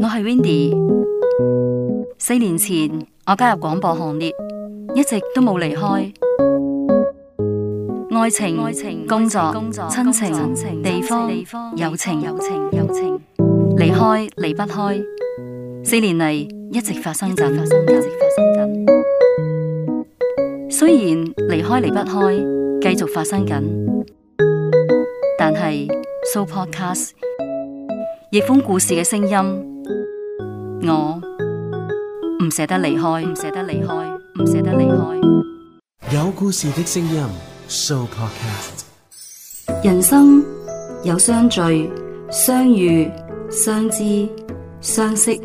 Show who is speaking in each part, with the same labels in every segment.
Speaker 1: 我係 Windy，四年前我加入廣播行列，一直都冇離開。愛情、愛情、工作、工作、親情、親情、地方、地方、友情、友情、友情。離開離不開，四年嚟一直發生緊。雖然離開離不開，繼續發生緊，但係 So Podcast。逆風故事嘅聲音，我唔捨得離開，唔捨得離開，唔捨得離開。有故事的聲音，Show Podcast。人生有相聚、相遇、相知、相識、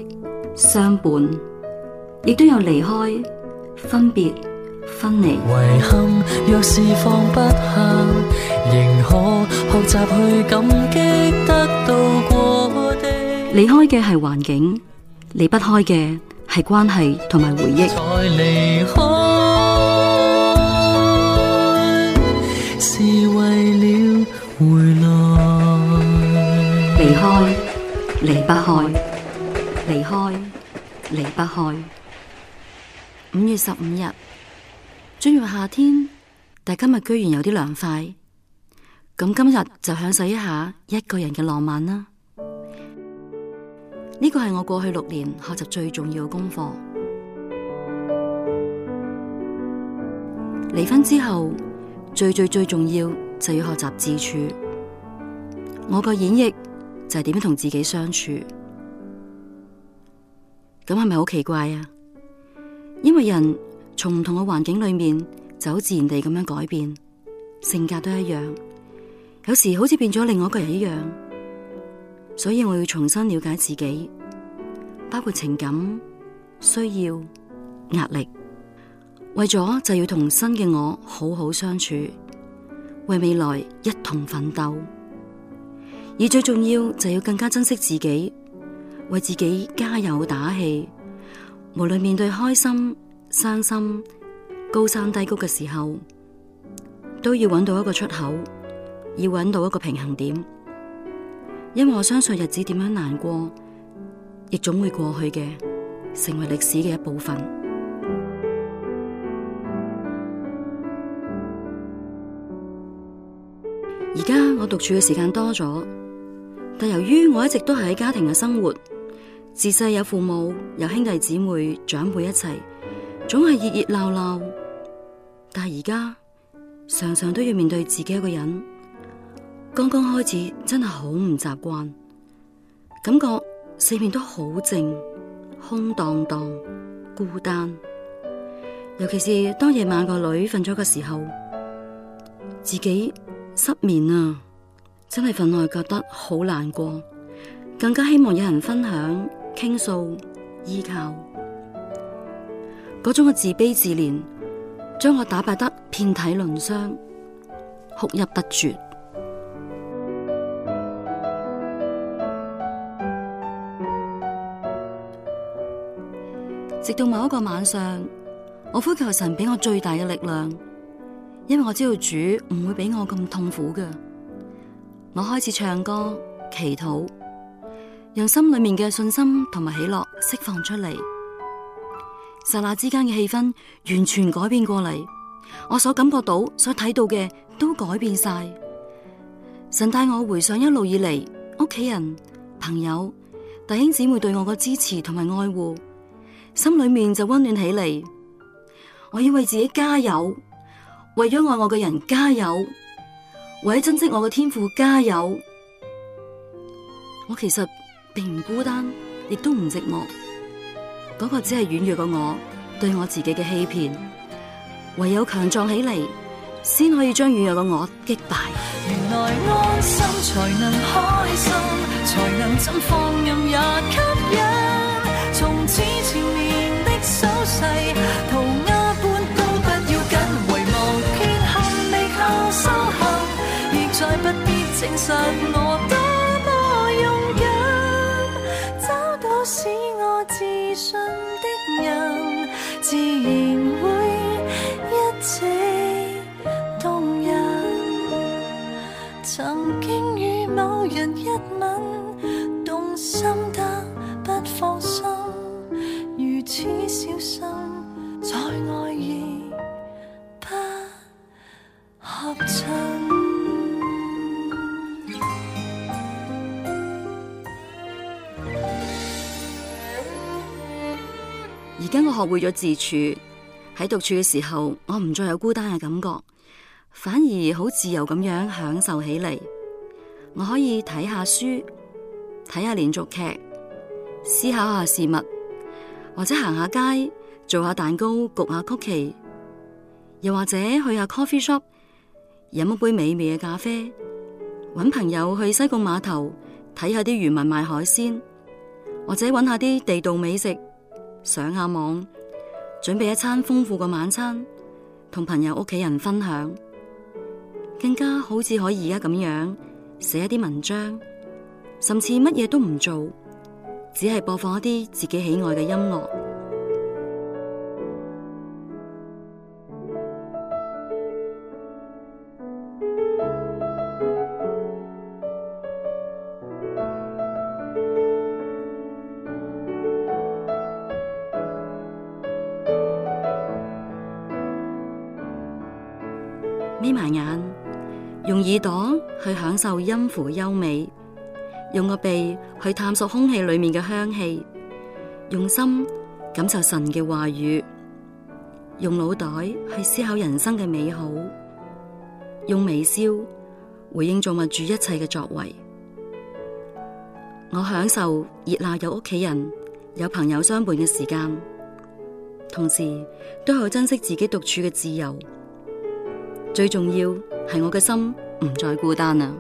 Speaker 1: 相伴，亦都有離開、分別、分離。遺憾若是放不下，仍可學習去感激得到過。離開嘅係環境，離不開嘅係關係同埋回憶。離開是為了回來。離開離不開，離開離不開。五月十五日，進入夏天，但今日居然有啲涼快，咁今日就享受一下一個人嘅浪漫啦。呢個係我過去六年學習最重要嘅功課。離婚之後，最最最重要就要學習自處。我個演繹就係點樣同自己相處。咁係咪好奇怪啊？因為人從唔同嘅環境裏面就好自然地咁樣改變，性格都一樣，有時好似變咗另外一個人一樣。所以我要重新了解自己，包括情感、需要、壓力，為咗就要同新嘅我好好相處，為未來一同奮鬥。而最重要就要更加珍惜自己，為自己加油打氣。無論面對開心、傷心、高山低谷嘅時候，都要揾到一個出口，要揾到一個平衡點。因為我相信日子點樣難過，亦總會過去嘅，成為歷史嘅一部分。而家我獨處嘅時間多咗，但由於我一直都係喺家庭嘅生活，自細有父母、有兄弟姊妹、長輩一齊，總係熱熱鬧鬧。但係而家，常常都要面對自己一個人。剛剛開始真係好唔習慣，感覺四面都好靜、空蕩蕩、孤單。尤其是當夜晚個女瞓咗嘅時候，自己失眠啊，真係分外覺得好難過，更加希望有人分享、傾訴、依靠。嗰種嘅自卑自憐，將我打敗得遍體鱗傷，哭泣不絕。直到某一個晚上，我呼求神俾我最大嘅力量，因為我知道主唔會俾我咁痛苦嘅。我開始唱歌、祈禱，讓心裏面嘅信心同埋喜樂釋放出嚟。剎那之間嘅氣氛完全改變過嚟，我所感覺到、所睇到嘅都改變晒。神帶我回想一路以嚟，屋企人、朋友、弟兄姊妹對我嘅支持同埋愛護。心裏面就溫暖起嚟，我要為自己加油，為咗愛我嘅人加油，為咗珍惜我嘅天賦加油。我其實並唔孤單，亦都唔寂寞，嗰個只係軟弱嘅我對我自己嘅欺騙。唯有強壯起嚟，先可以將軟弱嘅我擊敗。原來安心才能開心，才能盡放任也吸引。從此纏綿的手勢，塗鴉般都不要緊。回望缺陷未靠修行，亦再不必證實我多麼勇敢。找到使我自信的人，自然會一直動人。曾經與某人一吻，動心得不放心。而家我學會咗自處，喺獨處嘅時候，我唔再有孤單嘅感覺，反而好自由咁樣享受起嚟。我可以睇下書，睇下連續劇，思考下事物。或者行下街，做下蛋糕，焗下曲奇，又或者去下 coffee shop，飲一杯美味嘅咖啡，搵朋友去西貢碼頭睇下啲漁民賣海鮮，或者搵下啲地道美食，上下網，準備一餐豐富嘅晚餐，同朋友屋企人分享，更加好似可以而家咁樣，寫一啲文章，甚至乜嘢都唔做。只係播放一啲自己喜愛嘅音樂，咪埋眼，用耳朵去享受音符嘅優美。用個鼻去探索空氣裏面嘅香氣，用心感受神嘅話語，用腦袋去思考人生嘅美好，用微笑回應造物主一切嘅作為。我享受熱鬧有屋企人、有朋友相伴嘅時間，同時都好珍惜自己獨處嘅自由。最重要係我嘅心唔再孤單啦。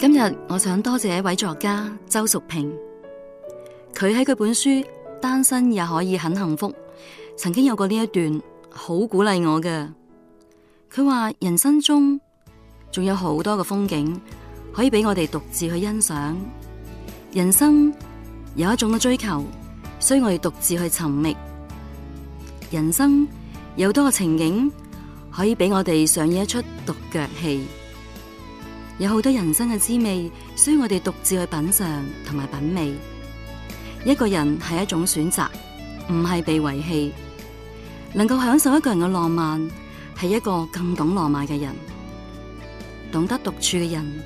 Speaker 1: 今日我想多謝一位作家周淑萍。佢喺佢本書《單身也可以很幸福》，曾經有過呢一段好鼓勵我嘅。佢話人生中仲有好多嘅風景可以俾我哋獨自去欣賞，人生有一種嘅追求，需要我哋獨自去尋覓，人生有多嘅情景可以俾我哋上演一出獨角戲。有好多人生嘅滋味，需要我哋獨自去品嘗同埋品味。一個人係一種選擇，唔係被遺棄。能夠享受一個人嘅浪漫，係一個更懂浪漫嘅人。懂得獨處嘅人，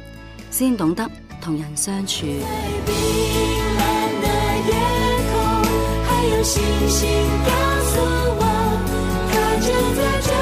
Speaker 1: 先懂得同人相處。